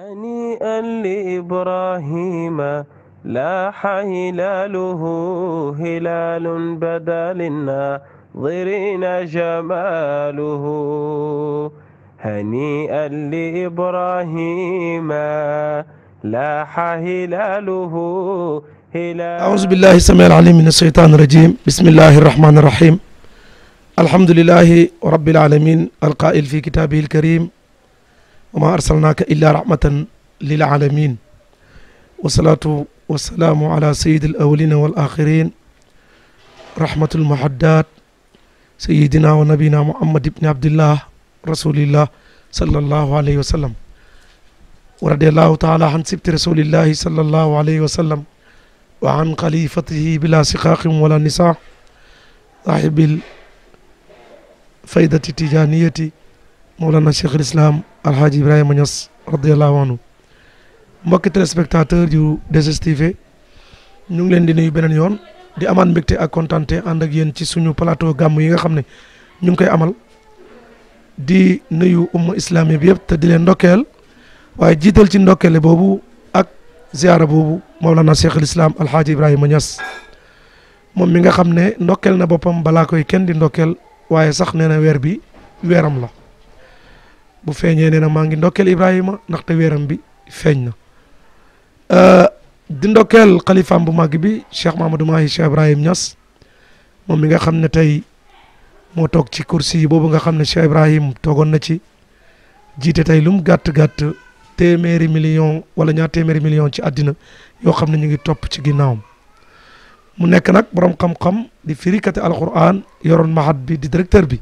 هنيئا لإبراهيم لاح هلاله هلال بدا للناظرين جماله هنيئا لإبراهيم لاح هلاله هلال أعوذ بالله السميع العليم من الشيطان الرجيم بسم الله الرحمن الرحيم الحمد لله رب العالمين القائل في كتابه الكريم wa ma arsalnaaka illa rahmatan lil alamin wasalaatu wasalaamu ala sayid al awalina wal axirin rahmatul muhaddaat sayidina wa nabina muhammad ibni abdillah rasulillah sallallahu alayhi wa sallam wa radiallahu taala an sibti rasulillahi sallallahu alayhi wa sallam wa an xalifatihi bila siqaaqin wala nisa sahibil faydati tijaniyati Mawlana Cheikh Islam Alhaji Ibrahima Niass radiyallahu anhu mbokki téléspectateur yu 2STV ñu ngi leen di nuyu beneen yoon di amaat mbégte ak kontante ànd ak yéen ci suñu plateau gàmm yi nga xam ne ñu ngi koy amal di nuyu umma islamique bi yëpp te di leen ndokkeel waaye jiital ci ndokkeele boobu ak ziara boobu Mawlana Cheikh Islam Alhaji Ibrahima Niass moom mi nga xam ne ndokkeel na boppam balaa koy kenn di ndokkeel waaye sax nee na weer bi weeram la. bu feeñee nee na maa ngi ndokkeel Ibrahima ndaxte weeram bi feeñ na euh, di ndokkeel xalifaam bu màgg bi Cheikh Mahamadou Mahi Cheikh Ibrahim Niass moom mi nga xam ne tey moo toog ci kursi boobu nga xam ne Cheikh Ibrahim toogoon na ci jiite tey lum gàtt gàtt téeméeri million wala ñaar téeméeri million ci àddina yoo xam ne ñu ngi topp ci ginnaawam mu nekk nag boroom xam-xam di firikati alquran yoroon mahad bi di directeur bi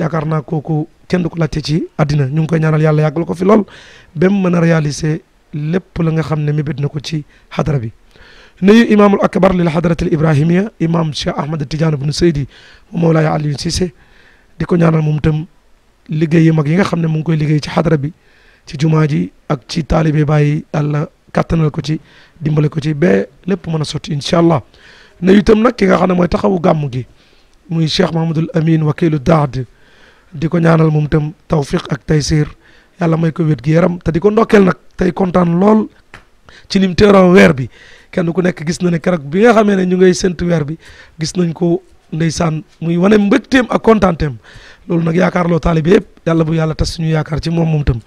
yaakaar naa kooku kenn du ko laajte ci àddina ñu ngi koy ñaanal yàlla yàggal ko fi lool ba mu mën a réaliser lépp la nga xam ne mébét na ko ci xadara bi na nuyu imaamul akbar lil xadaratil ibrahimiya imaam Cheikh Ahmad Tidiane bnu Seydi mu Mawlaaya Aliou Cissé di ko ñaanal moom itam liggéey mag yi nga xam ne mu ngi koy liggéey ci xadara bi ci jumaa ji ak ci taalibe bàyyi yàlla kàttanal ko ci dimbale ko ci ba lépp mën na sotti incha allah na itam nag ki mooy taxawu gàmm gi muy Cheikh Mahamadul Amin wakilu daad di ko ñaanal moom itam tawfiq ak taysir yàlla may ko wér gi yaram te di ko ndokkeel nag tey kontaan lool ci nim teeroo weer bi kenn ku nekk gis na ne keroog bi nga xamee ne ñu ngay séntu weer bi gis nañ ko ndeysaan muy wane mbégteem ak kontaanteem loolu nag yaakaar loo taalibe yëpp yàlla bu yàlla tas suñu yaakaar ci moom moom tam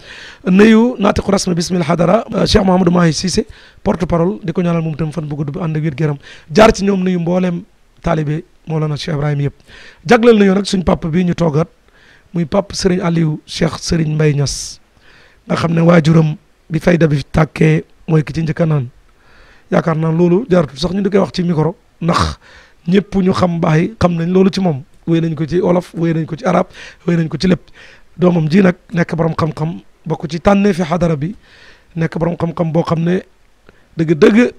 nuyu naatiqu rasmi bismil hadara euh, Cheikh Mouhamadou Mahi Cissé porte parole di ko ñaanal moom tam fan bu gudd bu ànd ak wér gëram jaar ci ñoom nuyu mbooleem taalibe Mawlana Cheikh Ibrahima yëpp jagleel nañu nag suñ papa bii ñu toogaat muy pap Serigne Aliou Cheikh Serigne mbay Niass nga xam ne waa waajuram bi fayda bi tàkkee mooy ki ci njëkk a naan yaakaar naa loolu jaratu sax ñu di koy wax ci micro ndax ñëpp ñu xam baay xam nañ loolu ci moom wéy nañ ko ci olof wéy nañ ko ci arab wéy nañ ko ci lépp doomam ji nag nekk boroom xam-xam bokk ci tànnee fi xadara bi nekk boroom xam-xam boo xam ne dëgg-dëgg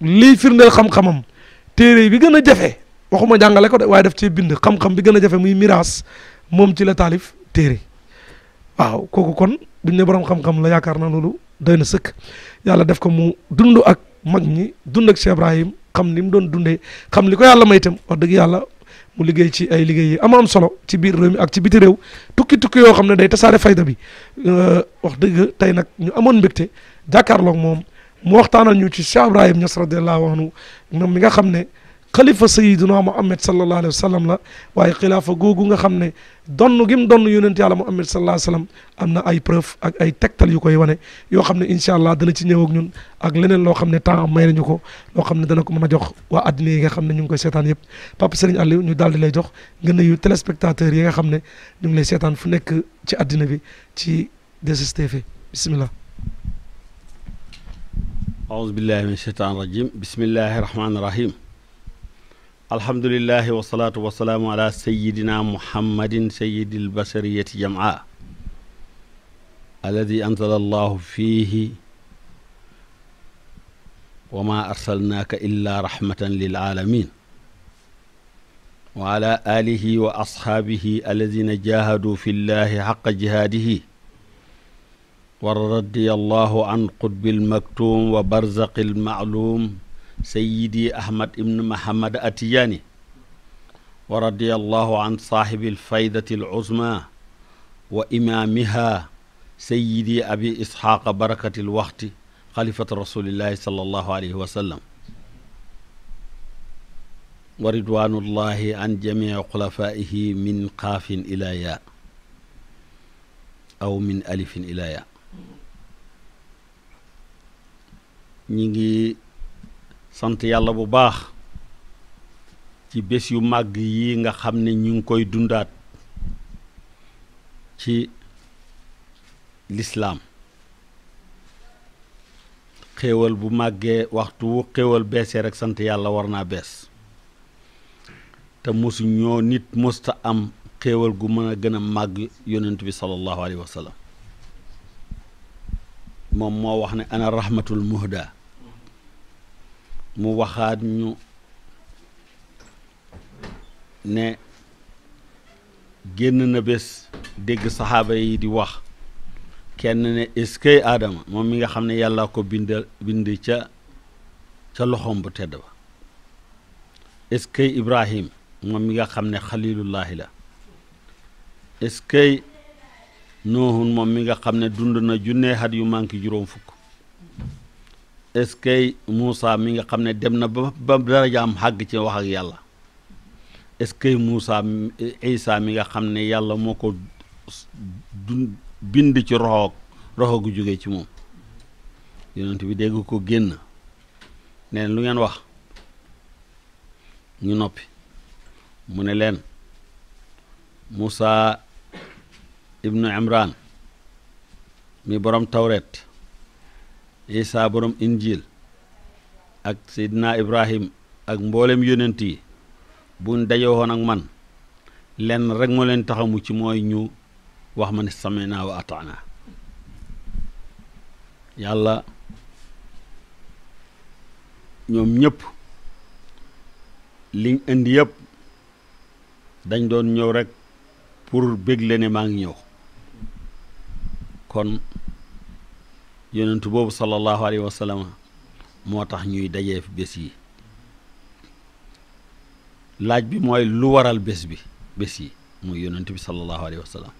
lii firndeel xam-xamam téere bi gën a jafe waxuma jàngale ko de waaye def cee bind xam-xam bi gën a jafe muy miraas moom ci la taalif téere waaw kooku kon buñ ne borom xam la yaakaar na loolu doy na sëkk yàlla def ko mu dund ak mag ñi dund ak Cheikh Ibrahim xam ni mu doon dundee xam li ko yàlla may itam wax dëgg yàlla mu liggéey ci ay liggéey yi am am solo ci biir mi ak ci biti réew tukki tukki yoo xam ne day tasaare fayda bi wax dëgg tey nag ñu amoon mbégte jàkkaarloog moom mu waxtaanal ñu ci Cheikh Ibrahim Niass radiyallahu anhu moom mi nga xam ne. xalifa sayiduna muhammad sallallahu alayhi wa sallam la waaye xilaafa googu nga xam ne donn gim donn yonent yàlla muhammad sallallahu alayhi wa sallam am ay preuve ay tegtal yu koy wane yoo xam ne incha allah dana ci ñëw ak ñun ak leneen loo xam ne temps may nañu ko loo xam ne dana ko mën a jox waa addina yi xam ne ñu ngi koy seetaan yëpp Papa Serigne Aliou ñu daal di lay jox nga nuyu téléspectateurs yi nga xam ne ñu ngi lay seetaan fu nekk ci addina bi ci 2STV bismillah aouzu billahi min shaytaan rajim bismillahi alhamdulillahi wasalaatu wasalaamu ala sayidina muhammadin sayidi albashariyati jamaa alladi anzala allahu fiihi wa ma arsalnaaka illa rahmatan lil aalamin wa ala alihi wa ashaabihi alladina jahaduu fi llahi xaqa jihaadihi wa radiya allahu an qutbil maktum wa barzaqil ma'lum sayyidi ahmad ibn mahamad atiyaani wa radiyallahu an saaxibi alfaydati aluzma wa imaamiha sayyidi abi isxaaqa barakati alwaxti xalifat rasulillahi sallallahu alayhi wa sallam wa ridwanullahi an jamii xulafaihi min xaafin ila ya aw min alifin ila ya ñi ngi sant yàlla bu baax ci bés yu màgg yi nga xam ne ñu ngi koy dundaat ci lislaam xéewal bu màggee waxtu wu xéewal beesee rek sant yàlla war naa bees te mosu ñoo nit mosta am xéewal gu mën a gën a màgg yonent bi sallallahu alayhi wa moom moo wax ne ana rahmatul muhda mu waxaat ñu ne génn na bés dégg saxaaba yi di wax kenn ne est-ce que aadama moom mi nga xam ne yàlla ko bind bind ca ca loxoom bu tedd ba est-ce que ibrahim moom mi nga xam ne xalilullaahi la est-ce que noohun moom mi nga xam ne dund na junnee at yu manqué juróom fukk est-ce que mi nga xam ne dem na ba ba darajaam xàgg ci wax ak yàlla est-ce que Moussa mi nga xam ne yàlla moo ko du bind ci roxoog roxo jóge ci moom yonent bi dégg ko génn neen lu ngeen wax ñu noppi mu ne leen Moussa ibnu Imran mi borom tawret isaa boroom injil ak seydina ibrahim ak mbooleem yonent yi buñ daje woon ak man lenn rek moo leen taxamu ci mooy ñu wax ma ne samina wa ataana yàlla ñoom ñëpp liñ indi yépp dañ doon ñëw rek pour bégle ne maa ngi ñëw kon yonentu boobu sallallahu alayhi wa sallam moo tax ñuy dajee bés yi laaj bi mooy lu waral bés bi bés yi muy yonent bi sallallahu alayhi wa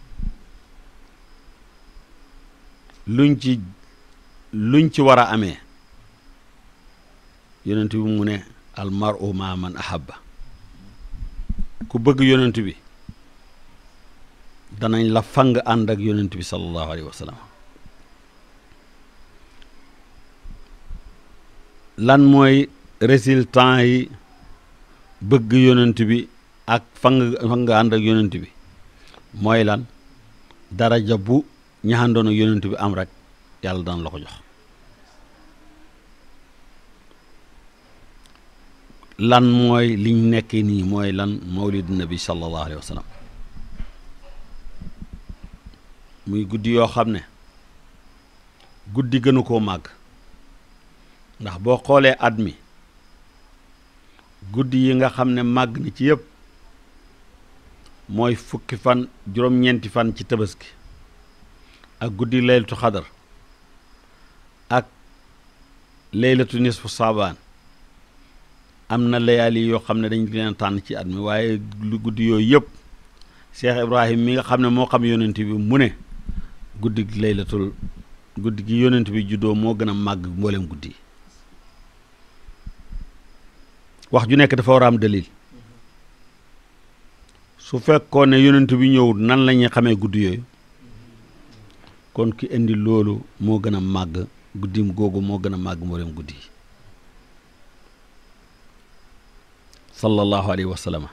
luñ ci luñ ci war a amee yonent bi mu ne al mar'u ma man ahabba ku bëgg yonent bi danañ la fang ànd ak yonent bi sallallahu alayhi wa sallam lan mooy résultat yi bëgg yonent bi ak fa ànd ak yonent bi mooy lan daraja bu ñaxandoon ak yonent bi am rek yàlla daan la ko jox lan mooy liñ nekk nii mooy lan mawlid nabi sallallahu alayhi wa muy guddi yoo xam ne guddi gënu koo màgg ndax boo xoolee at mi guddi yi nga xam ne màgg na ci yépp mooy fukki fan juróom-ñeenti fan ci tabaski ak guddi laylatu xadar ak laylatu nisfu saabaan am na layaali yoo xam ne dañ leen tànn ci at mi waaye lu guddi yooyu yëpp Cheikh Ibrahim mi nga xam ne moo xam yonent bi mu ne guddi laylatul guddi gi yonent bi juddoo moo gën a màgg mboolem guddi wax ju nekk dafa war a am dalil su fekkoon ne yonent bi ñëwul nan la xamee guddi yooyu kon ki indi loolu moo gën a màgg guddim googu moo gën a màgg mboolem guddi yi sallallahu alayhi wa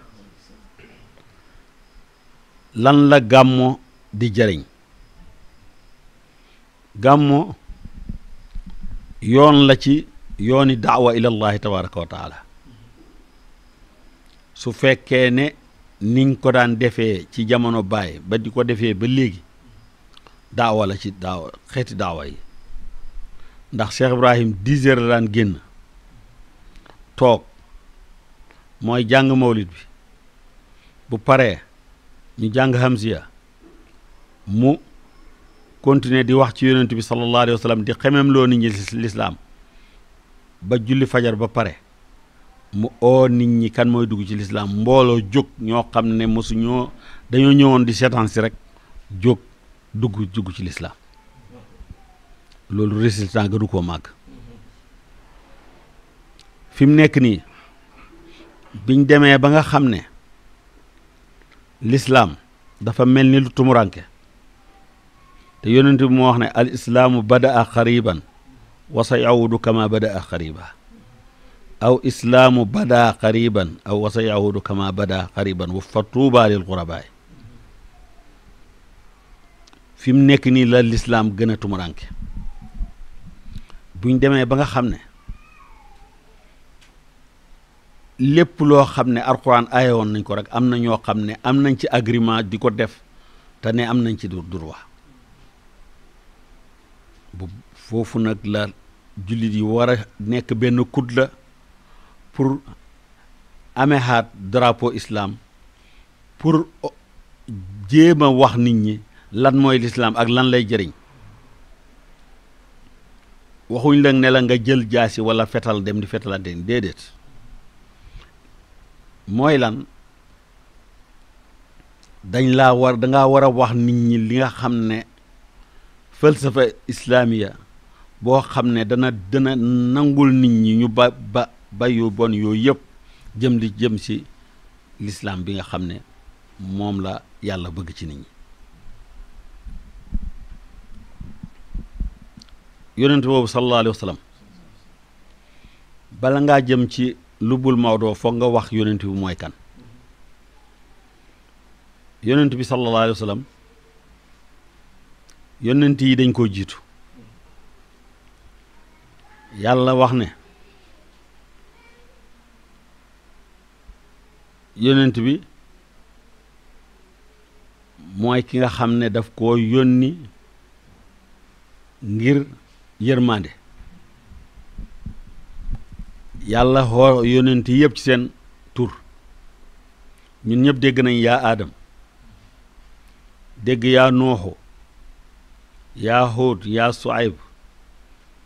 lan la gàmmoo di jariñ gàmmo yoon la ci yooni daawa ilallahi tabaraka wa taala su fekkee ne niñ ko daan defee ci jamono baay ba di ko defee ba léegi daawa la ci daawa xeeti daawa yi ndax Cheikh Ibrahim dix heures la daan génn toog mooy jàng mawlid bi bu pare ñu jàng hamziya mu continuer di wax ci yonent bi sallallahu alayhi wa sallam di xemem loo nit ñi lislaam ba julli fajar ba pare mu oo nit ñi kan mooy dugg ci lislaam mbooloo jóg ñoo xam ne mësuñoo dañoo ñëwoon di seetaan rek jóg dugg dugg ci lislaam loolu résultat gënu koo màgg fi mu nekk nii biñ demee ba nga xam ne lislaam dafa mel ni lu tumuraanke te yonent bi moo wax ne al islaamu bada a xariban wa kama bada a aw islaamu bada qariban aw wasa yahudu kama bada qariban wa fa tuuba lil xurabaay fi mu nekk nii la lislaam gën buñ demee ba nga xam ne lépp loo xam ne alxuraan aayoon nañ ko rek am na ñoo xam ne am nañ ci agrément di ko def te ne am nañ ci du droit bu foofu nag la jullit yi war a nekk benn kut la pour amee xaat drapeau islam pour jéem a wax nit ñi lan mooy lislaam ak lan lay jëriñ waxuñ la ne la nga jël jaasi walla fetal dem di fetalante ni déedéet mooy lan dañ laa war danga war a wax nit ñi li nga xam ne falsafa islaamiya boo xam ne dana dana nangul nit ñi ñu ba ba bay yu bon yooyu yëpp jëm li jëm ci lislaam bi nga xam ne moom la yàlla bëgg ci nit ñi yonent boobu sallallahu alayhi bala ngaa jëm ci lubbul Maodo foog nga wax yonent bi mooy kan yonent bi sallallahu alayhi wa yi dañ koo jiitu yàlla wax ne yonent bi mooy ki nga xam ne daf koo yónni ngir yërmande yàlla xoo yonent yëpp ci seen tur ñun ñëpp dégg nañ yaa aadam dégg yaa nooxu yaa xuut yaa suayb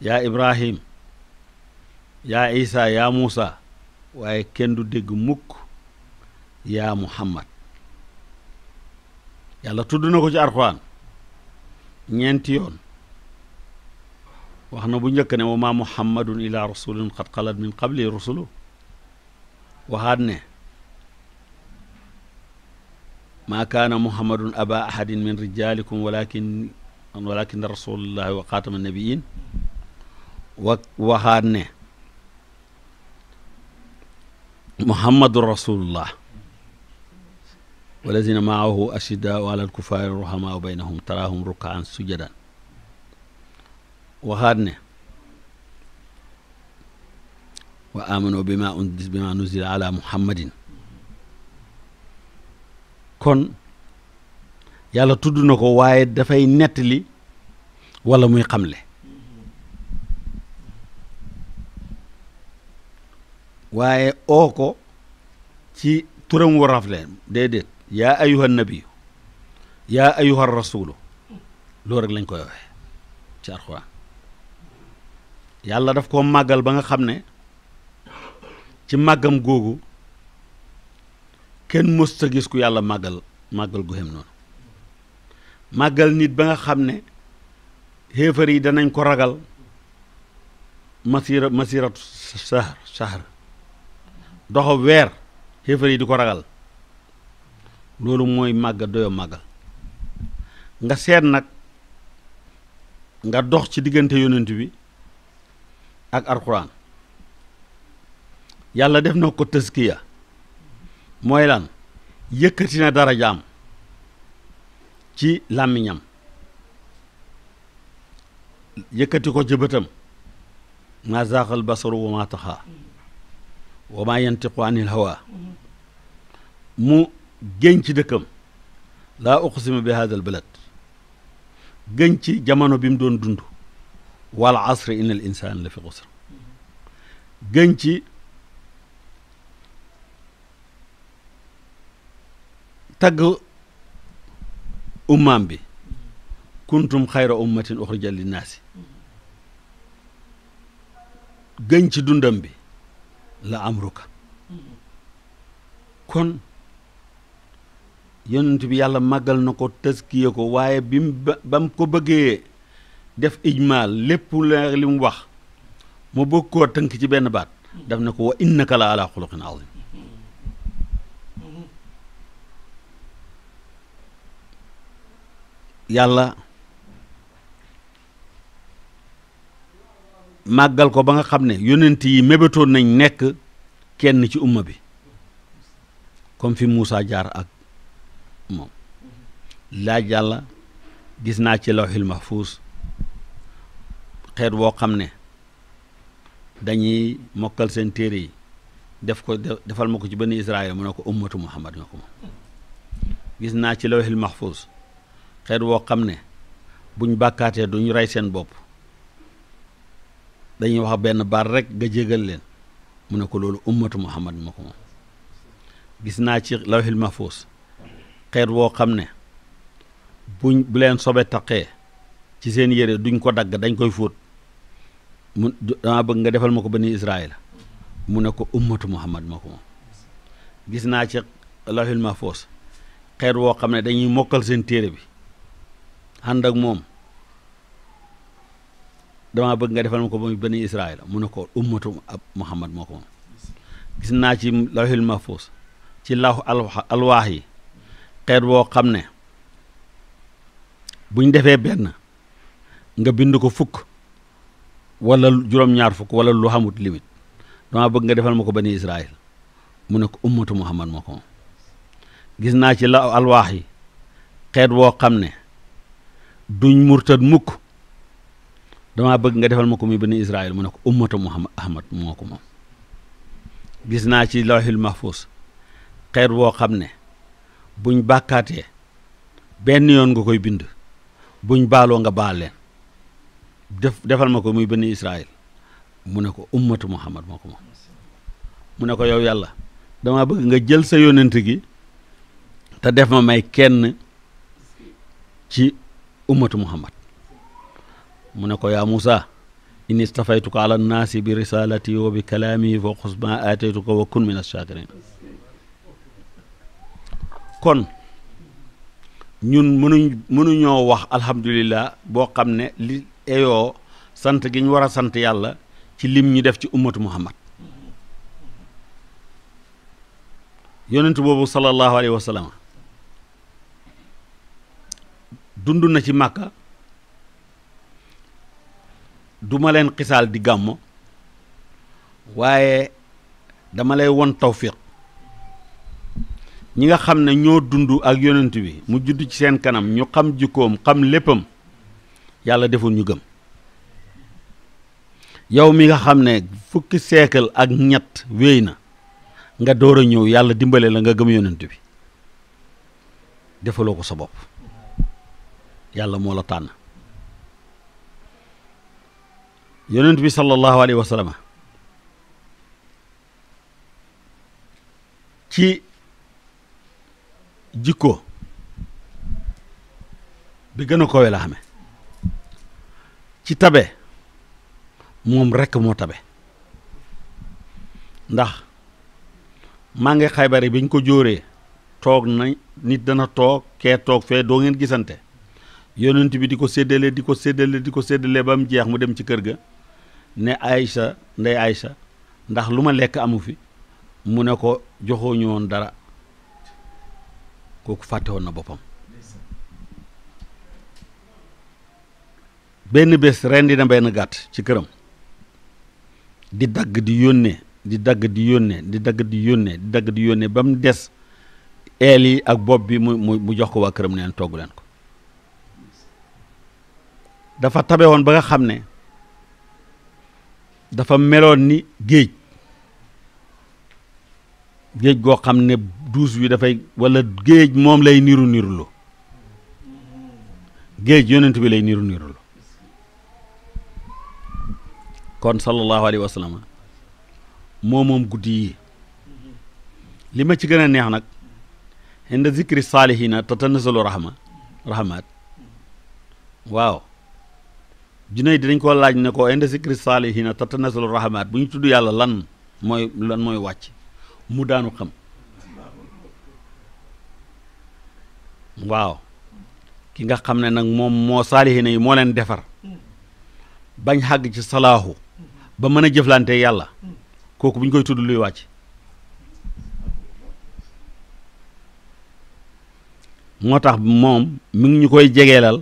yaa ibrahim yaa isa yaa muusa waaye kenn du dégg mukk yaa muhammad yàlla tudd na ko ci arxuraan ñeenti wax na bu njëkk ne wa maa muhammadun ila rasulin qad xalat min qabli rusulu waxaat ne maa kaana muhammadun aba ahadin min rijalikum walakin walakin waxaat ne muhammadun rasulullah walazina maahu ashiddaau alal kufaari ruhamaau baynahum taraahum rukaan sujadan waxaat ne wa bi ma undis bi ma nuzila ala muhammadin kon yàlla tudd na ko waaye dafay li walla muy xamle waaye oo ko ci turam wu rafle déedéet yaa ayuha nabiyu yaa ayuha rasulu loolu rek lañ koy waxe ci alxuraan yàlla daf koo màggal ba nga xam ne ci màggam googu kenn mës ta gis ku yàlla màggal màggal gu xem noonu màggal nit ba nga xam ne xéefar yi danañ ko ragal masira masiratu sahar sahar doxa weer xéefar yi di ko ragal loolu mooy màgg doyo màggal nga seet nag nga dox ci diggante yonent bi ak alxuraan yàlla def na ko tëskiya mooy lan yëkkati na dara jaam ci làmmiñam yëkkati ko ci bëtam maa zaaxal basaru wa maa taxaa wa maa anil hawa mu géñ ci dëkkam laa uqsimu bi hada al balad ci jamono bi mu doon dund wal asr inna al insaan la fi xusr géñ ci tagg ummaam bi kuntum xayra ummatin uxrijat linnaasi gën ci dundam bi la am ruka yonent bi yàlla màggal na ko taskiye ko waaye bi mu ba mu ko bëggee def ijmaal lépp leer mu wax mu bëgg koo tënk ci benn baat daf ne ko wa innaka la ala xuluqin yàlla màggal ko ba nga xam ne yonent yi mebetoon nañ nekk kenn ci umma bi comme fi Moussa jaar ak moom laaj yàlla gis naa ci lawhil mahfuus xeet woo xam ne dañuy mokkal seen téere yi def ko defal ma ko ci benn Israël mu ne ko ummatu Muhammad ñoo ko moom gis naa ci lawhil mahfuus xeet woo xam ne buñ bàkkaatee duñu rey seen bopp dañuy wax benn baar rek nga jégal leen mu ne ko loolu ummatu Muhammad ko gis naa ci lawhil mahfuus xeet woo xam ne buñ bu sobe taqee ci seen yére duñ ko dagg dañ koy fóot mu dama bëgg nga defal ma ko bani Israayil mu ne ko ummatu Muhammad ma ko moom gis naa ci lawhil mahfuus xeet woo xam ne dañuy mokkal seen téere bi ànd ak moom dama bëgg defal ma ko bani Israayil mu ne ko ummatu Muhammad ma ko gis naa ci lawhil mahfuus ci law alwaax yi xeet woo xam ne buñ defee benn nga bind ko fukk wala juróom-ñaar fukk wala lu xamut liwit dama bëgg nga defal ma ko bani Israël mu ne ko ummatu Muhammad moo ko gis naa ci la alwaax xeet woo xam ne duñ murtad mukk dama bëgg nga defal ma ko muy bani mu ne ko ummatu Muhammad Ahmad moo moom gis naa ci lawhil mahfuz xeet woo xam ne buñ bàkkaatee benn yoon nga koy bind buñ baaloo nga baal leen def defal ma ko muy benn Israël mu ne ko ummatu Muhammad moo mu ne ko yow yàlla dama bëgg nga jël sa yonent gi te def ma may kenn ci umatu Muhammad mu ne ko yaa Muusa inni istafaytuka ala nnaasi bi risalati wa bi kalaami fa xus ma aataytuka wa kun min kon ñun mënuñ mënuñoo wax alhamdulillah boo xam ne li eyoo sant gi ñu war a sant yàlla ci lim ñu def ci ummatu muhammad yonent boobu sallallahu alayhi wa sallam dund na ci màkka duma leen xisaal di gàmmo waaye dama lay won tawfiq ñi nga xam ne ñoo dund ak yonent bi mu judd ci seen kanam ñu xam jikkoom xam léppam yàlla deful ñu gëm yow mi nga xam ne fukki seekal ak ñett wéy na nga door a ñëw yàlla dimbale la nga gëm yonent bi defaloo ko sa bopp yàlla moo la tànn yonent bi sallallahu alayhi wa jikko bi gën a kowe la xame ci tabe moom rekk moo tabe ndax maa ngi xaybari biñ ko jóoree toog na nit dana toog kee toog fee doo ngeen gisante yonent bi di ko séddale di ko seddale di ko séddale ba mu jeex mu dem ci kër ga ne ay sa ndey sa ndax lu ma lekk amu fi mu ne ko joxooñu woon dara kooku fàtte woon na boppam benn bés ren di na benn gàtt ci këram di dagg di yónnee di dagg di yónnee di dagg di yónnee yónnee ba mu des eel yi ak bopp bi mu mu jox ko waa këram neen togg leen ko dafa tabe woon ba nga xam ne dafa meloon ni géej géej goo xam ne duus wi dafay walla géej moom lay niru nirulu géej yonent bi lay niru nirulu kon sallallahu alayhi wa sallam moo moom guddi yi li ma ci gën a neex nag inda zikri saalihina tatanazalu rahma rahmat waaw junay dinañ ko laaj ne ko inda zikri saalihina tatanazalu rahmat bu ñu tudd yàlla lan mooy lan mooy wàcc mu daanu xam waaw ki nga xam ne nag moom moo saalihiina yi moo leen defar bañ xàgg ci salaahu ba mën a jëflante yàlla kooku bu ñu koy tudd luy wàcc moo tax moom mi ngi ñu koy jegeelal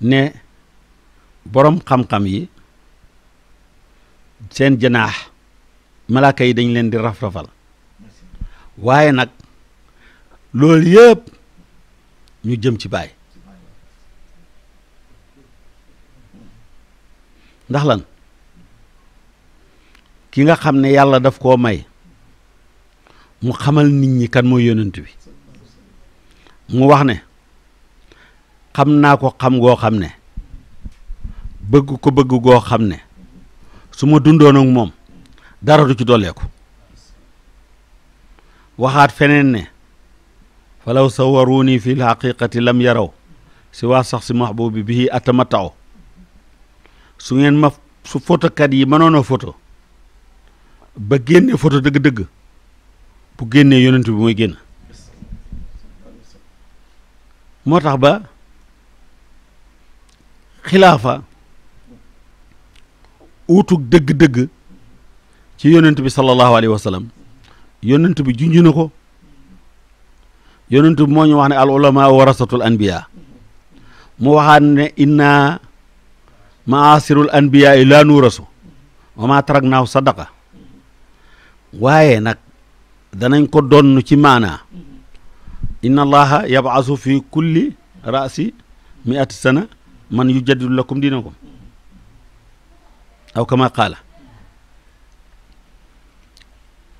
ne boroom xam-xam yi seen janaax malaaka yi dañ leen di raf-rafal waaye nag loolu yépp ñu jëm ci baay ndax lan ki nga xam ne yàlla daf koo may mu xamal nit ñi kan mooy yonent bi mu wax ne xam naa ko xam goo xam ne bëgg ko bëgg goo xam ne su ma dundoon ak moom dara du ci dolleeku waxaat feneen ne falaw sawaruuni fi lxaqiqati lam yaraw si waa sax si mahbubi su ngeen ma su photokat yi mënoon a ba génne photo dëgg-dëgg bu génnee yonent bi mooy génn moo tax ba xilaafa uutug dëgg-dëgg ci yonent bi sallallahu alayhi wa sallam yonent bi junj na ko yonent bi moo ñu wax ne al ulama warasatul anbiya mu waxaan ne inna maasirul anbiya yi laa nuurasu wa maa tarak naaw sadaqa waaye nag danañ ko donn ci maanaa inna allaha yabasu fi kulli raasi miati sana man yujaddidu lakum diinakum aw kama qaala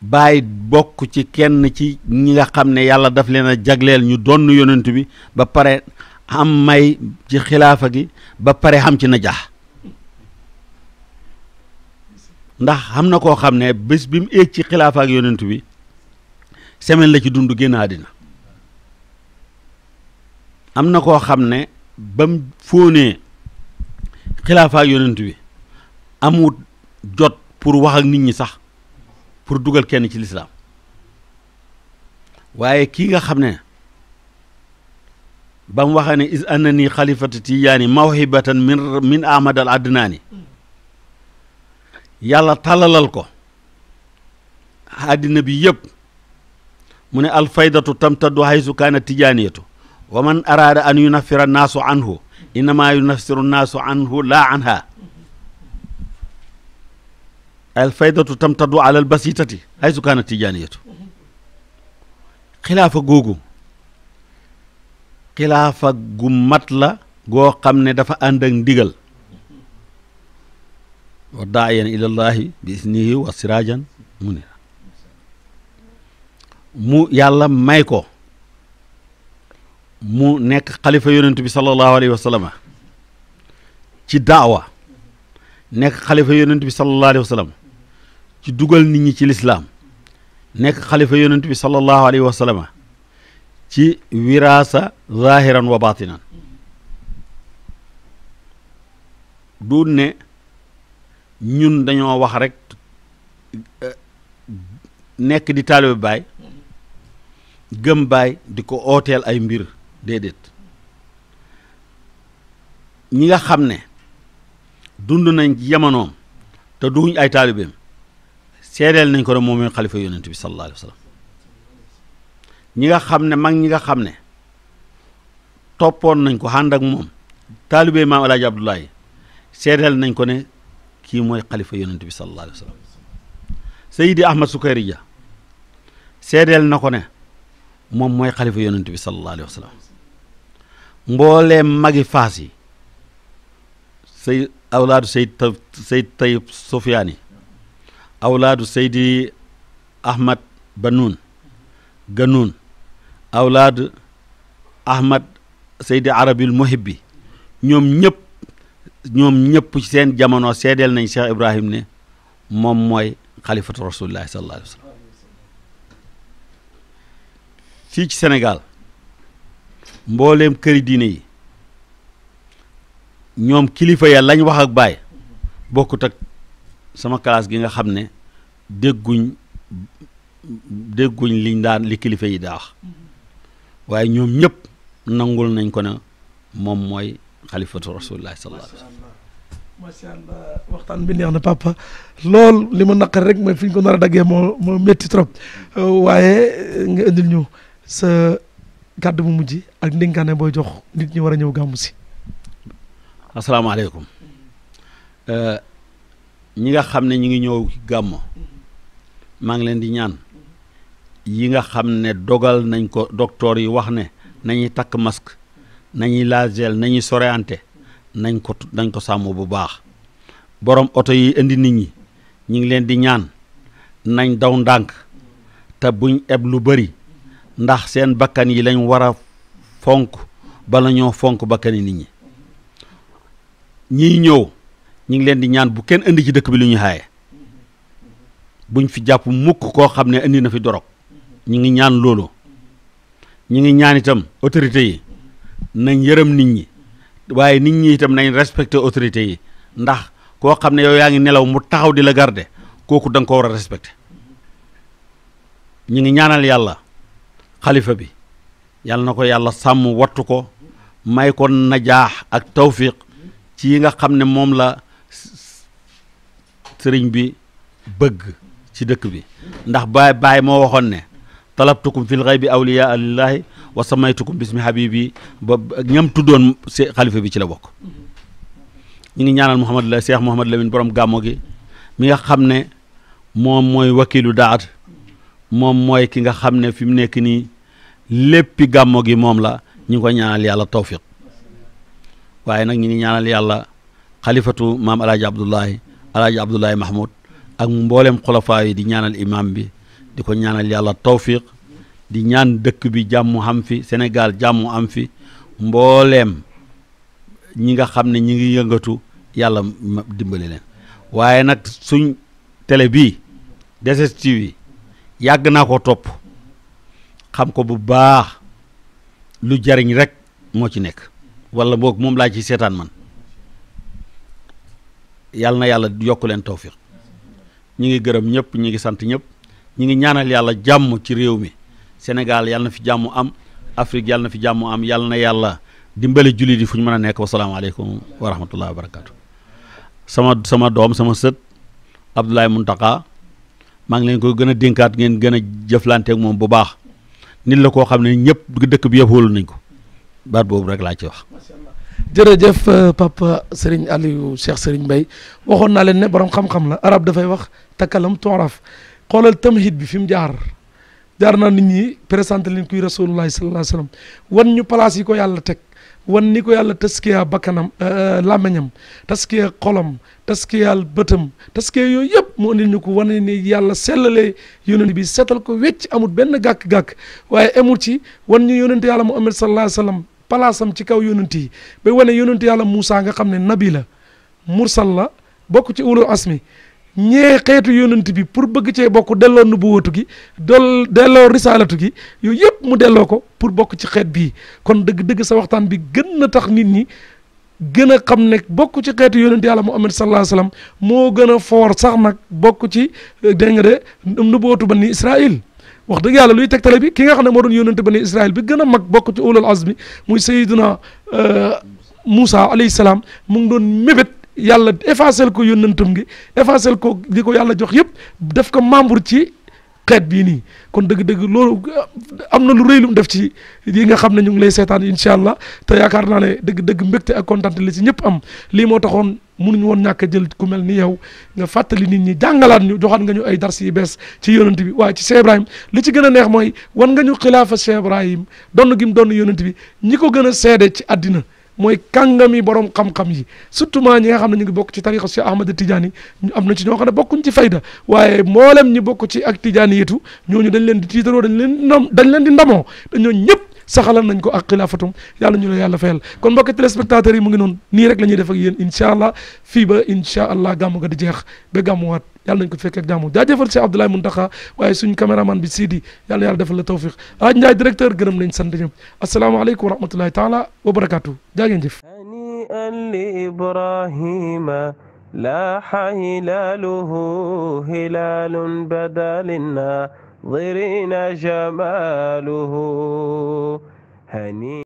bàyyi bokk ci kenn ci ñi nga xam ne yàlla daf leen a jagleel ñu donn yonent bi ba pare am may ci xilaafa gi ba pare xam ci najaax ndax xam na koo xam ne bés bi mu éeg ci xilaafa ak yonent bi semaine la ci dund génn àddina am na koo xam ne bam mu fóonee xilaafa yonent bi amut jot pour wax ak nit ñi sax pour dugal kenn ci lislaam waaye kii nga xam ne ba mu waxee ne is annani xalifatu tijaani mawhibatan min min ahmad al yàlla talalal ko àddina bi yëpp mu ne alfaydatu tamtaddu haysu kaana tijaaniyatu wa man araada an yunaffira naasu anhu innama yunaffsiru naasu anhu laa anha alfaydatu tamtaddu ala albasitati ay su kaana tijaaniyatu xilaafa googu xilaafa gu mat la goo xam ne dafa ànd ak ndigal wa daayan ilallahi bi isnihi wa siraajan mu ne mu yàlla may ko mu nekk xalifa yonentu bi sallallahu alayhi wa sallama ci daawa nekk xalifa yonentu bi sallallahu alayhi wa sallam ci dugal nit ñi ci lislaam nekk xalifa yonent bi sallallahu alayhi wa sallama ci wiraasa zahiran wa batinan du ne ñun dañoo wax rek eh, nekk di taalibe baay gëm baay di ko ooteel ay mbir déedéet ñi nga xam ne dund nañ ci jamonoom te duñ ay taalibeem seedeel nañ ko ne moom mooy xalifa yonent bi sallallahu alayhi wa sallam ñi nga xam ne mag ñi nga xam ne toppoon nañ ko ànd ak moom taalibee maam alaaji abdullahi seedeel nañ ko ne kii mooy xalifa yonent bi sallallahu alayhi wa sallam sayidi ahmad sukayri ja na ko ne moom mooy xalifa yonent bi sallallahu alayhi wa sallam mboolee magi faas yi say awlaadu say ta say tayib sofiaan yi awlaadu seydi ahmad banuun ganuun awlaadu ahmad seydi arabil muhibbi ñoom ñëpp ñoom ñëpp seen jamono seedeel nañ Cheikh Ibrahim ne moom mooy xalifatu rasulillahi sallallahu alayhi wa sallam fii ci senegaal mbooleem këri diine yi ñoom kilifa ya lañu wax ak baay bokkut ak sama classe gi nga xam ne dégguñ dégguñ liñ daan li kilifa yi daax waaye ñoom ñëpp nangul nañ ko ne moom mooy xalifatu rasulillah sallallahu alayhi wa waxtaan bi neex na papa lool li ma naqar rek mooy fi ñu ko nar a daggee moo moo métti trop waaye nga indil ñu sa kàddu bu mujj ak ndénkaane booy jox nit ñi war a ñëw gàmmu si. asalaamaaleykum. Euh, ñi nga xam ne ñu ngi ñëw gàmmoo maa ngi leen di ñaan yi nga xam ne dogal nañ ko doktoor yi wax ne nañuy takk mask nañuy laagel nañuy soreante nañ ko nañ ko sàmm bu baax boroom oto yi indi nit ñi ñu ngi leen di ñaan nañ daw ndànk te buñ eb lu bari ndax seen bakkan yi lañ war a fonk bala ñoo fonk bakkani nit ñi ñiy ñëw ñu ngi leen di ñaan bu kenn indi ci dëkk bi lu ñu xaaye buñ fi jàpp mukk koo xam ne indi na fi dorog ñu ngi ñaan loolu ñu ngi ñaan itam autorités yi nañ yërëm nit ñi waaye nit ñi itam nañ respecté autorité yi ndax koo xam ne yow yaa ngi nelaw mu taxaw di la garde kooku danga ko war a respecté ñu ngi ñaanal yàlla xalifa bi yàlla na ko yàlla sàmm wattu ko may ko najaax ak tawfiq ci yi nga xam ne moom la sëriñ bi bëgg ci dëkk bi ndax baay baay moo waxoon ne talabtukum fil ghaybi awliyaa lillahi wa samaytukum bismi habibi ba ñam tuddoon xalifa bi ci la bokk ñu ngi ñaanal Mouhamad la Cheikh Mouhamad Lamine borom gàmmo gi mi nga xam ne moom mooy wakiilu daat moom mooy ki nga xam ne fi mu nekk nii léppi gàmmo gi moom la ñu ko ñaanal yàlla tawfiq waaye nag ñu ngi ñaanal yàlla xalifatu maam alaaji abdoulaye alaaji abdoulaye mahmoud ak mbooleem xulafaa yi di ñaanal imam bi di ko ñaanal yàlla tawfiq di ñaan dëkk bi jàmm am fi senegal jàmm am fi mbooleem ñi nga xam ne ñi ngi yëngatu yàlla dimbali leen waaye nag suñ télé bi 2 yi yàgg naa ko topp xam ko bu baax lu jariñ rek moo ci nekk wala boog moom laa ci seetaan man yàlla na yàlla du yokk leen tawfiq ñi ngi gërëm ñëpp ñi ngi sant ñëpp ñi ngi ñaanal yàlla jàmm ci réew mi Sénégal yàlla na fi jàmm am Afrique yàlla na fi jàmm am yàlla na yàlla dimbali jullit yi fu ñu mën a nekk wasalaamaaleykum wa rahmatullah wa barakatu sama sama doom sama sët Abdoulaye Muntaka maa ngi leen ko gën a dénkaat ngeen gën a jëflanteek moom bu baax nit la koo xam ne ñëpp dëkk bi yëpp wóolu nañ ko baat boobu rek laa ci wax jërëjëf euh, papa Serigne Aliou Cheikh Serigne Mbaye waxoon naa leen ne borom xam-xam la arab dafay wax takalam tooraf xoolal tamhid bi fi mu jaar jaar naa nit ñi présenté leen kuy rasulullahi sallallahu alayhi wa sallam wan ñu place ko yàlla teg wan ni ko yàlla taskiya bakkanam euh, euh, làmmeñam taskiya xolam taskiyal bëtam taskiya yooyu yëpp mu andil ñu ko wane ni yàlla sellalee yonent bi seetal ko wecc amul benn gàkk-gàkk waaye amul ci wan ñu yonente yàlla Muhammad sallallahu alayhi wa sallam palaasam ci kaw yonent yi ba wane yonent yàlla Moussa nga xam ne nabi la mursal la bokk ci ulul asmi ñee xeetu yonent bi pour bëgg cee bokk delloo nubuwatu gi dool delloo risaalatu gi yooyu yëpp mu delloo ko pour bokk ci xeet bii kon dëgg-dëgg sa waxtaan bi gën na tax nit ñi gën a xam ne bokk ci xeetu yonent yàlla Muhammad sallallahu alayhi wasallam moo gën a foor sax nag bokk ci dégg nga de nubuwatu ba ni Israël wax dëgg yàlla luy tegtale bi ki nga xam ne moo doon yónnante bani Israël bi gën a mag bokk ci ulul azmi muy Seydina euh, Moussa alayhi salaam mu ngi doon mébét yàlla effacel ko yónnantam gi effacel ko li ko yàlla jox yëpp def ko membre ci. xeet bii nii kon dëgg-dëgg loolu uh, am na lu rey lu mu def ci yi nga xam ne ñu ngi lay seetaan incha allah te yaakaar naa ne dëgg-dëgg mbégte ak kontaan li ci ñëpp am lii moo taxoon mënuñu woon ñàkk jël ku mel ni yow nga fàttali nit ñi jàngalaat ñu joxaat nga ñu ay dars yi bees ci yonent bi waaye ci Cheikh Ibrahim li ci gën a neex mooy wan nga ñu xilaafa Cheikh Ibrahim donn gi mu donn yonent bi ñi ko gën a seede ci àddina mooy kàngami borom xam-xam yi surtout ma ñi nga xam ne ñu ngi bokk ci tariqa Cheikh Ahmad Tidiane yi am na ci ñoo xam ne bokkuñ ci fayda waaye mboolem ñi bokk ci ak Tidiane yitu ñooñu dañ leen di tiitaroo dañ leen di dañ leen di ndamoo ñëpp saxalal nañ ko ak la xilaafatum yàlla ñu la yàlla fayal kon mbokki téléspectateurs yi mu ngi noonu nii rek la ñuy def ak yéen incha allah fii ba incha allah gàmmu ga di jeex ba gàmmuwaat yàlla nañ ko fekk ak jàmm jaajëfal Cheikh Abdoulaye Mountakha waaye suñ caméraman bi Sidi yàlla yàlla defal la tawfiq aaj Ndiaye directeur gërëm nañ sant ñëpp asalaamaaleykum wa rahmatullahi taala wa barakatuh jaa ngeen jëf لاح هلاله هلال بدا للنار ظرنا جماله هنيئا